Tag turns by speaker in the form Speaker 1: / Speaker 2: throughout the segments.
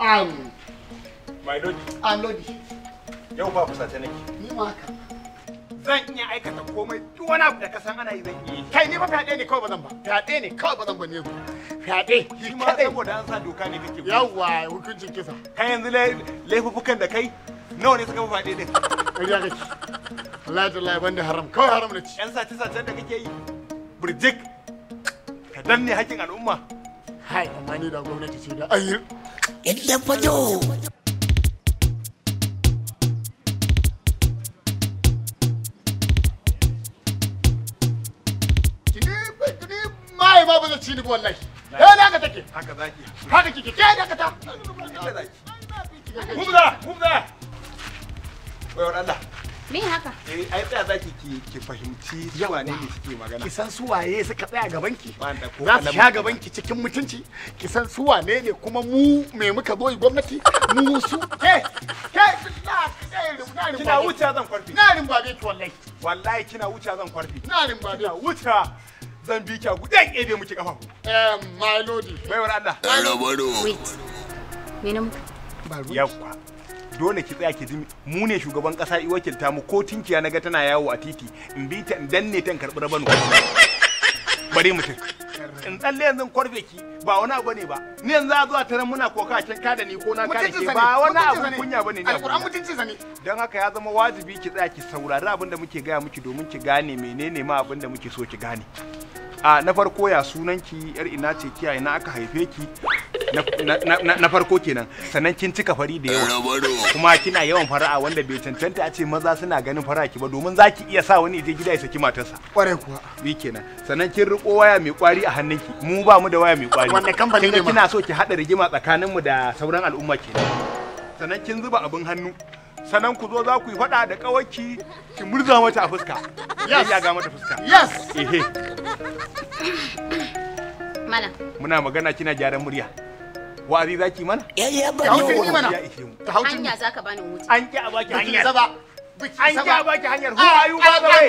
Speaker 1: Am. Mai lodi. Am lodi. Yau ba kusa ta nake. Ni ma haka. Zan iya aikata komai duk wani abu da ka san ana yi Kai ni ba fyaɗe ne kawai ba zan ba. Fyaɗe ne kawai ba zan ba ne. Fyaɗe. Shi ma saboda an doka ne kake. Yawwa hukuncin kisa. Kai yanzu laifukan da kai nawa ne suka fi fyaɗe ne. haram kawai haram ne ci. Yan sace-sacen da kake yi. birjik ka danne hakkin al'umma hai amma ni da gwamnati ce da ma ba zai ci ni wallahi na ka take haka zaki haka kike ke da ka ta Allah Me haka? Eh, ai tsaya zaki ki ki fahimci yawa ne suke magana. Ki san su suka tsaya gaban ki? Za su sha gaban ki cikin mutunci. Ki san su wane ne kuma mu me muka zo gwamnati? Mu su eh eh kina wuce zan kwarfi. Na rin babe ki wallahi. Wallahi kina wuce zan kwarfi. Na rin babe. wuce zan bi ki a gudan ebe miki kafa. Eh, my Allah. Wait. Me Yawwa. dole ki tsaya ki ji mu ne shugaban kasa i wakilta mu ko tinkiya naga tana yawo a titi in bi ta danne ta in karbi rabanu bari mutum in tsalle yanzu kwarfe ki ba wani abu ne ba ni yanzu a zuwa taron muna koka kin ka da ni ko na ka ke ba wani abu kunya bane ne alquran mutunci zane dan haka ya zama wajibi ki tsaya ki saurari abin da muke gaya miki domin ki gane menene ma abin da muke so ki gane a na farko ya sunan ki yar ina ce kiyaye na aka haife ki na farko kenan sannan kin cika fari da yawa kuma kina yawan fara'a wanda bai cancanta a ce maza suna ganin fara'a ki ba domin za ki iya sa wani je gida ya saki matarsa kwarai kuwa ni kenan sannan kin riko waya mai kwari a hannunki mu ba mu da waya mai kwari wanda kamfanin kina so ki hada rigima tsakanin mu da sauran al'umma kenan sannan kin zuba abin hannu sannan ku zo za ku yi fada da kawaki ki murza mata a fuska yes ya ga mata fuska yes ehe Malam. Muna magana kina gyaran murya. wa'azi zaki mana Ya yayya ba ni mana ta hautin hanya
Speaker 2: zaka bani wuce an ki a baki hanyar zaba
Speaker 1: an ki a baki hanyar who are you by the way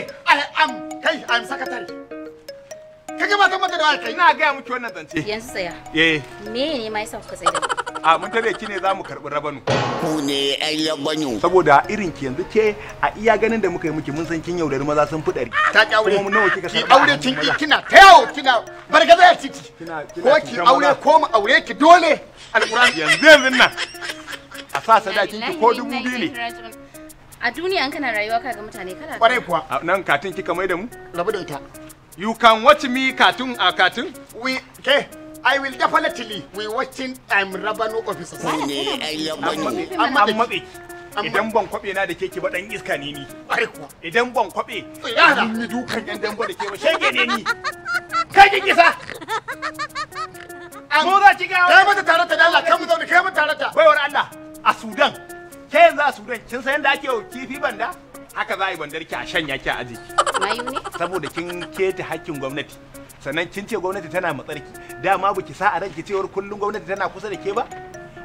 Speaker 1: am kai am secretary ka gaba ta mata da kai Ina ga miki wannan zance yanzu saya eh me ne
Speaker 2: ma yasa kuka sai da
Speaker 1: a mun tare ki ne za mu karɓi rabanu ku ne ai rabanu saboda irin ki yanzu ke a iya ganin da muka yi miki mun san kin yaudari maza sun fi ɗari ta ki aure kuma nawa kika ki aure kin kina ta yawo kina bargaza ya ciki ko ki aure ko mu aure ki dole alƙur'ani yanzu yanzu nan a sa sadakin ki ko dubu biyu ne
Speaker 2: a duniya an kana rayuwa ka ga mutane kala. kwarai
Speaker 1: kuwa nan katin kika mai da mu rabu da ita you can watch me cartoon a cartoon we ke I will definitely we watching I'm Rabano officer. Ne Rabano. Amma mabe. Idan ban kwabe na da keke ba dan iska ne ni. Idan ban kwabe. Yara. Ni dukan yan dambo da ke ba shege ne ni. Kai ki kisa. Mu za Kai mata tare ta Allah, kai mu zauna kai mata tare ta. Baiwar Allah a Sudan. Ke yanzu a Sudan kin san yadda ake kifi banda? Haka za a yi bandarki a shanya ki a aji. Mayu ne? Saboda kin keta hakkin gwamnati. sannan kin ce gwamnati tana matsarki dama ba ki sa a ranki cewar kullum gwamnati tana kusa da ke ba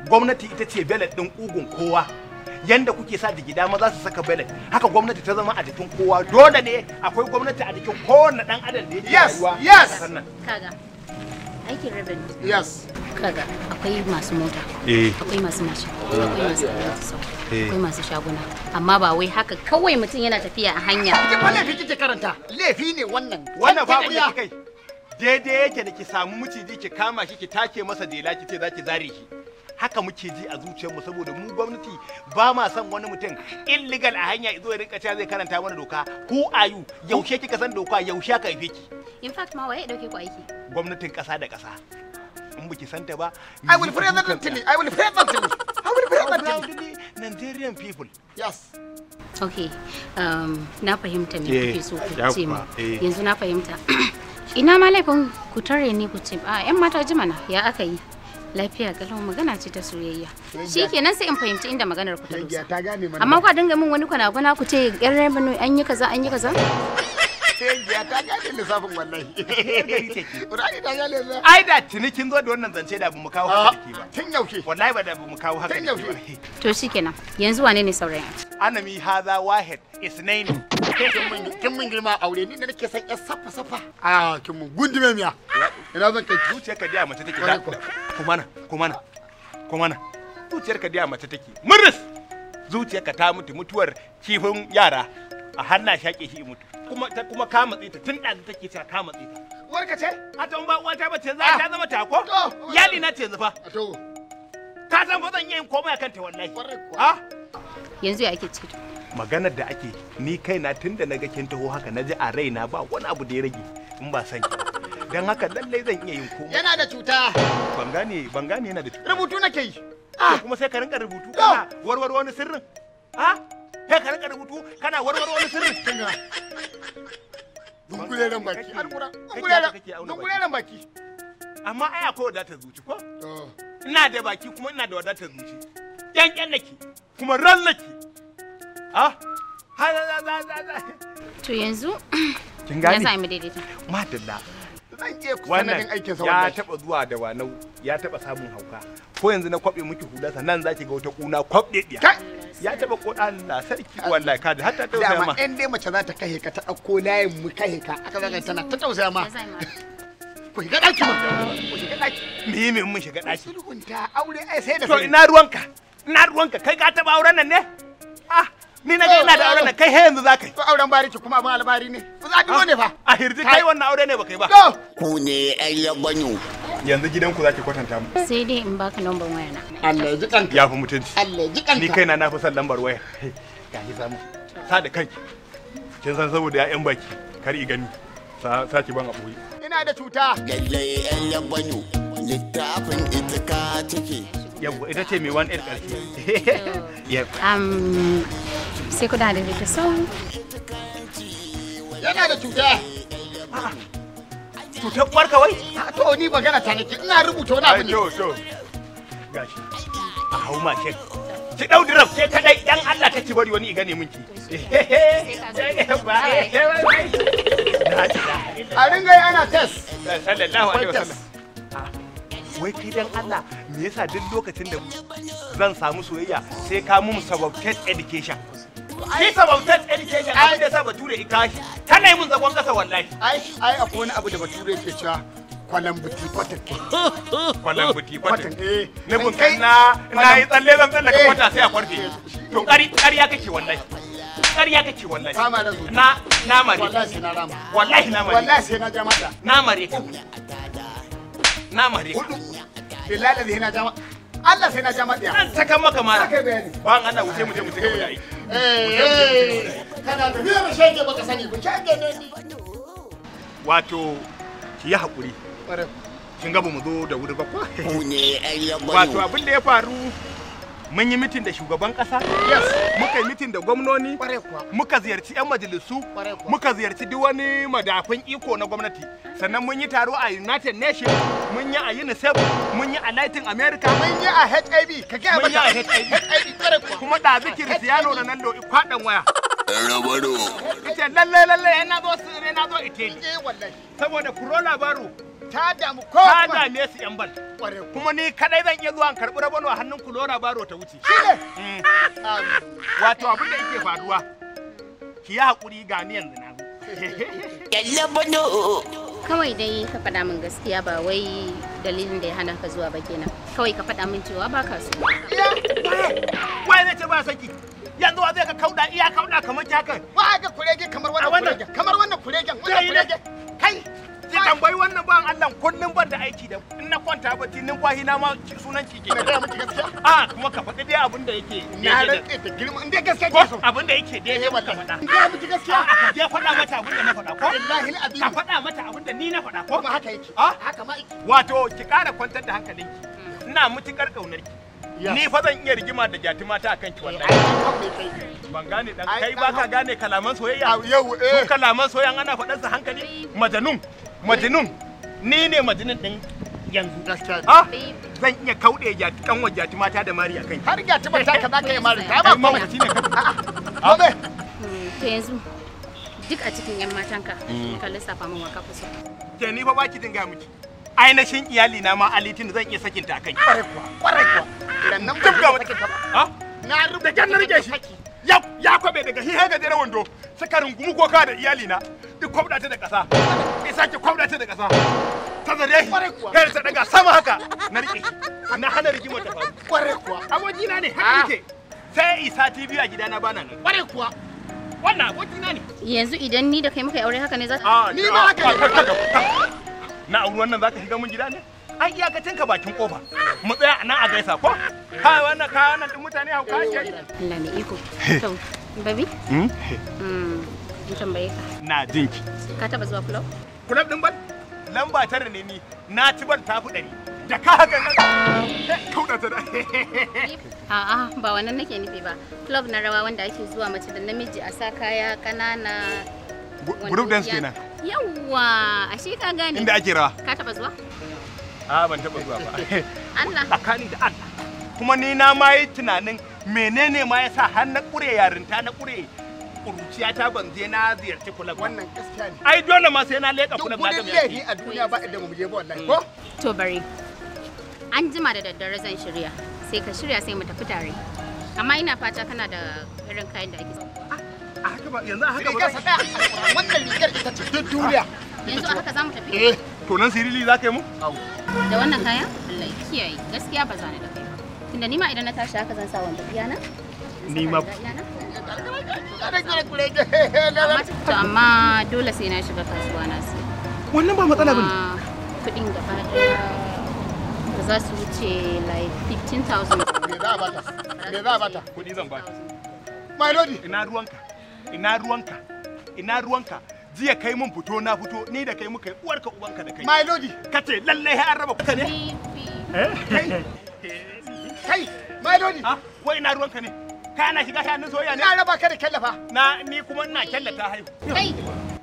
Speaker 1: gwamnati ita ce belet din kugun kowa yanda kuke sa jigida maza su saka belet haka gwamnati ta zama a jikin kowa dole ne akwai gwamnati a jikin kowanne dan adam da yake rayuwa yes kaga aikin revenue yes kaga
Speaker 2: akwai masu mota eh. akwai masu mashi eh. akwai masu eh. akwai masu shaguna amma ba wai haka kawai mutum yana tafiya a hanya ki fa laifi
Speaker 1: kike karanta laifi ne wannan wannan babu ya kai daidai yake da ki samu miciji ki kama shi ki take masa dela ki ce za zare shi haka muke ji a zuciyarmu saboda mu gwamnati ba ma san wani mutum illegal a hanya izo ya rinka cewa zai karanta mana doka ku ayu yaushe kika san doka yaushe aka haife ki
Speaker 2: in fact ma waye dauke ku aiki
Speaker 1: gwamnatin kasa da kasa in biki santa ba i will presently i will presently i will presently nigerian people yes
Speaker 2: okay um na fahimta me eh, kuke so ku ce mu eh. yanzu na fahimta ina ma laifin ku tare ni ku ce a yan mata ji mana ya aka yi lafiya galau magana ce ta soyayya nan sai in fahimci inda maganar ku ta dosa amma ku dinga min wani kwana gwana ku ce yan rabinu an yi kaza an yi kaza Sengiya
Speaker 1: ta gane safin wallahi. Rani ta gane Ai da tuni kin zo da wannan zance da bamu kawo haka dake ba. Tun yaushe. Wallahi ba da bamu kawo haka dake ba.
Speaker 2: To shikenan yanzu wane ne saurayin?
Speaker 1: Anami haza wahid isnaini. kin mun girma aure ni da nake san yar safa safa a kin mun gundume miya ina zan kai zuciyar ka da mace take da kuma na kuma na kuma na zuciyar ka da mace take murris zuciyar ka ta mutu mutuwar kifin yara a hanna shaƙe shi mutu kuma ta kuma ka matsi ta tun ɗazu take ta ka matsi ta warka ce a ta ba uwata ba ce za ah! ta zama ko: yali na ce zufa ta san fa zan yi komai akan ta wallahi ha ah! yanzu ya ake ciki maganar da ake ni kaina tun da naga kin taho haka naji a raina ba wani abu da ya rage in ba san dan haka lallai zan iya yin komai yana da cuta ban gane ban gane yana da cuta rubutu nake yi ah! kuma sai ka rinka rubutu kana warwar wani sirrin ah sai ka rinka rubutu kana warwar wani sirrin kinga dunguleren baki alƙura dunguleren baki amma ai akwai wadatar zuci ko ina da baki kuma ina da wadatar zuci yan yan nake kuma ran nake Ah? Ha za To yanzu kin gane? Ya za mu Madalla. Zan aikin sa ya taɓa zuwa da wanau, ya taɓa samun hauka. Ko yanzu na kwabe miki huda sannan zaki ga wata kuna kwabde diya. Ya taɓa koda Allah sarki wallahi kada har ta tausaya ma. Dama in dai mace za ta kahe ka ta dauko layin mu kahe ka aka zaga tana ta tausaya ma. Ku shiga daki ma. Ku shiga daki. Me me mun shiga daki? Sulhunta aure ai sai da To ina ruwanka? Ina ruwanka kai ka taba auren nan ne? Ah ni na ga ina da auren nan kai yanzu za ka yi. To auren bari bariki kuma abin albari ne. Ba za ka ne fa. Ah, a hirji kai wannan aure ne ba kai ba. Ku ne ai yabanyu. Yanzu gidanku za ki kwatanta mu. Sai dai in
Speaker 2: baka lambar waya na.
Speaker 1: Allah ya ji kanka. Ya fi mutunci.
Speaker 2: Allah ya ji kanka. Ni kaina
Speaker 1: na fi son lambar waya. Ga ni samu. Sa da kanki. Kin san saboda ya'yan baki kar i gani. Sa sa ki ban a boye. Ina da cuta. Lallai ƴan yabanyu. Littafin ita ka take. Yawwa ita ce mai wani ƴar ƙarfi.
Speaker 2: Um, sai kuna da rike so.
Speaker 1: yana da cuta cutar uwar kawai ah, to ni magana ta nake ina rubuta wani abu ne to to gashi a hau ma ke. ki dau dirab ke kadai dan Allah ci bari wani iga ne miki a ringa ana test sallallahu alaihi wasallam ah. wai ki dan Allah me yasa duk lokacin da zan samu soyayya sai ka mun sababtet education Peace about sex education abin da yasa Bature ya tashi. Tana yi mun zagon kasa wallahi. Ai ai akwai wani abu da Bature ke cewa kwalan buti kwatin. Kwalan buti kwatin. Eh. Na bunkan na na yi tsalle zan tsalle ka kwata eh. sai a kwarfe. To ƙarya kake wallahi. Ƙarya kake wallahi. Kama da zuwa. Na na mare. Wallahi na rama. Wallahi na mare. Wallahi sai na ja mata. Na mare. Na mare. Hudu. da na ja Allah sai na ja mata. Zan saka maka mara. Ban Allah wuce mu je mu je mu da eh. kana tafiya wato ki yi hakuri kin ga mu zo da wuri ba ko wato abin da ya faru mun yi mitin da shugaban kasa yes muka yi mitin da gwamnoni muka ziyarci yan majalisu muka ziyarci duk wani madafin iko na gwamnati sannan mun yi taro a United Nations mun yi a UNICEF mun yi a Latin America mun yi a HIV ka ga mun yi a HIV kuma da zikir Cristiano Ronaldo kwadan waya Rabado. Ita lalle lalle yana zo yana zo Italy. Eh wallahi. Saboda Corona baro ta damu ko ta dame su yan bal kuma ni kadai zan iya zuwa karɓi rabon a hannun kulora baro ta wuce eh. wato abin da yake faruwa ki yi hakuri ga ni yanzu na yalla bano
Speaker 2: kawai dai ka faɗa min gaskiya ba wai dalilin da ya hana ka zuwa ba kenan kawai
Speaker 1: ka faɗa min cewa ba ka so wai ne ce ba saki yanzu wa zai ka kauda iya kauda kamar jakan wa ga kurege kamar wannan kurege kamar wannan kuregen wannan kurege kai tambayi wannan ban Allah kullum ban da aiki da in na kwanta bacci numfashi na ma sunan ki ke. Na gaya miki gaskiya? A kuma ka faɗi dai abin da yake. Na rantse ta girma in dai gaskiya ke so. Abin da yake dai ba eh, ka faɗa. In gaya miki gaskiya? Ka faɗa mata abin da na faɗa ko? Wallahi alazim. Ka faɗa mata abin da ni na faɗa ko? Kuma haka yake. A haka ma yake. Wato ki ƙara kwantar da hankalinki. Hmm. Ina mutukar ƙaunar ki. Ni fa zan iya rigima da jati mata akan ki wallahi. Eh, ban gane dan kai ba ka gane kalaman soyayya. Yau eh. kalaman soyayya ana faɗar sa hankali. Majanun. majinun ni ne majinun din yanzu gaskiya ah zan iya kauɗe ya kanwa jati mata da mari akai har jati ba ta ka za ka yi mari ta ba kuma shi ne ka hmm, to yanzu duk a cikin yan matanka hmm. ka lissafa min waka fuso ke ni fa baki dinga miki ainihin iyali na ma alitin zan iya sakin ta kai kwarai kuwa kwarai kuwa nan ba sakin ta ba ah? na rubuta kan rike shi ya ya kwabe daga hihe ga dare wando suka rungumi koka da iyali na duk kwabda ta da ƙasa ya sake kwabda ta da ƙasa ta zare kai ta daga sama haka na rike na hana rigimar ta faru kware kuwa aboki na ne haka yake ah. sai isa tv a gidana bana nan kware kuwa wannan aboki na ne
Speaker 2: yanzu idan ni da kai muka aure haka ne za ta ah, ni ma haka ne
Speaker 1: na auri wannan zaka shiga mun gida ne ai iyakacin ka bakin kofa mu tsaya nan a gaisa ko ha wannan ka wannan din mutane hau ka ke Allah ne iko to babi mm in hmm, tambaye ka na jinki ka taba zuwa club club din ban lamba tare ne ni na ci ta tafi dari da ka haka nan kauda ta da
Speaker 2: a'a ba wannan nake nufi ba club na rawa wanda ake zuwa mace da namiji a sa kaya kanana group dance kenan yawwa
Speaker 1: ashe ka gane inda ake rawa ka taba zuwa a ban taba zuwa ba Allah tsakani da Allah kuma ni na ma yi tunanin menene ma yasa har na kure yarinta na kure kuruciya ta ban je na ziyarci kula wannan gaskiya ne ai dole ma sai na leka kula na ga a duniya ba inda mu je ba wallahi ko to bari
Speaker 2: an jima da daddare zan shirya sai ka shirya sai mu tafi tare amma ina fata kana da irin kayan da ake a
Speaker 1: haka ba yanzu a haka ba wannan rigar ita ce duk duniya yanzu a haka
Speaker 2: za mu tafi eh.
Speaker 1: nan sirili za ka yi mu?
Speaker 2: Da wannan kaya? Allah ya kiyaye gaskiya ba zane da kai ba. Tunda ni ma idan na tashi haka zan sa wanda na Ni ma. To amma dole sai na shiga kasuwa na sai.
Speaker 1: Wannan ba matsala bane.
Speaker 2: Kuɗin gaba ɗaya ba za su wuce
Speaker 1: like 15,000. Me za a bata? Me za a bata? Kuɗi zan bata. My lady. Ina ruwanka? Ina ruwanka? Ina ruwanka? jiya kai mun fito na fito ni da kai muka yi uwarka ka da kai my lodi kace lallai an raba kuka ne eh? kai kai my lodi ah, wai ina ruwanka ne kana shiga ta nan soyayya ne na raba ka da kallafa na ni kuma ina kallata haihu kai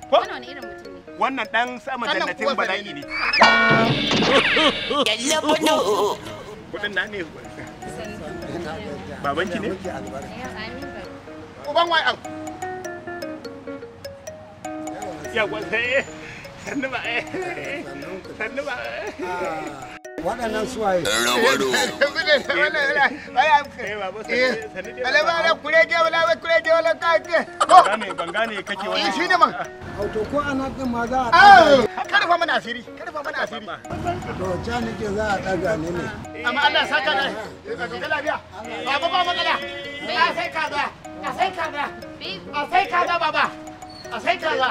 Speaker 1: ko wannan wani irin mutum ne wannan dan sama jannatin bala'i ne kallafa no kudin na ne babanki ne uban wai abu
Speaker 2: waɗannan suwaye rabaru
Speaker 1: alabara kurege wala ba kurege wala kake ban gane kake wani shi ne man auto ko ana din ma za a karfa mana asiri karfa mana asiri to ja nake za a daga ne ne amma Allah saka ne ka lafiya baba ba matsala a sai kaza a sai kaza
Speaker 2: a sai kaza baba
Speaker 1: a sai kaza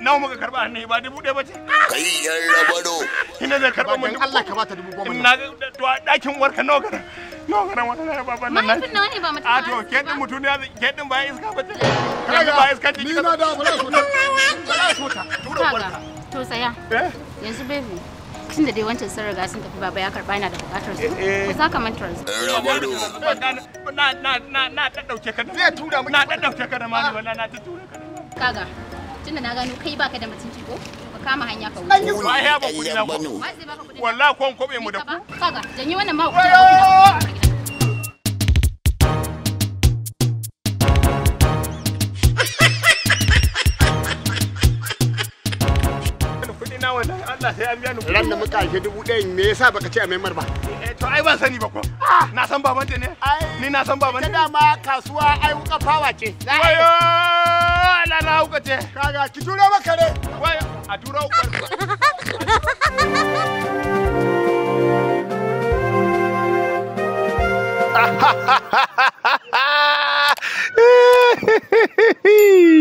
Speaker 1: nawa muka karba annabi ba dubu ɗaya ba ce kai yan rabaro ina zai karba mu dubu Allah ka bata dubu goma na to a dakin warka nawa kana nawa kana na baba nan na mutum ne ba mutum a to ke din mutum ya ke din ba iska ba ce kai ba iska ce ni
Speaker 2: na da ba za
Speaker 1: su ta ba za su ta tura warka to tsaya eh?
Speaker 2: yanzu baby tun da dai wancan sun riga sun tafi baba ya karba yana da bukatar su eh, eh. ko saka mantar su
Speaker 1: rabado na na na na ta dauke ka na tura na ta dauke ka da malama na ta tura ka
Speaker 2: kaga tunda na gano kai baka da mutunci ko ka kama hanya ka wuce ko ba kudi na ko
Speaker 1: wallahi ko kobe mu da
Speaker 2: ku kaga janyi wannan ma ku biya ni
Speaker 1: kuɗi. Ran da muka ashe dubu ɗaya me yasa baka ce a ba? Eh, to ai ban sani ba ko. Ah! Na san ne. Ni na san dama kasuwa ai ce. ala na hauka ce kaga ki tura ba kare wai a tura ukar ha ha ha ha